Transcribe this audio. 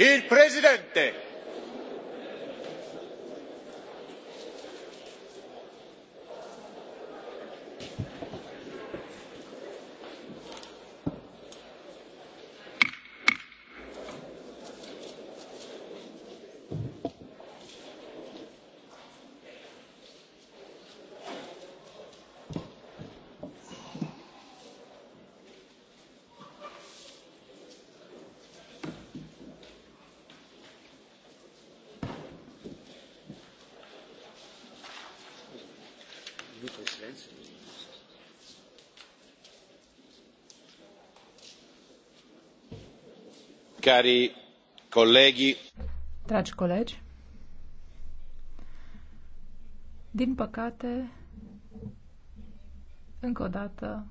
Il Presidente. Cari colegi, dragi colegi, din păcate, încă o dată,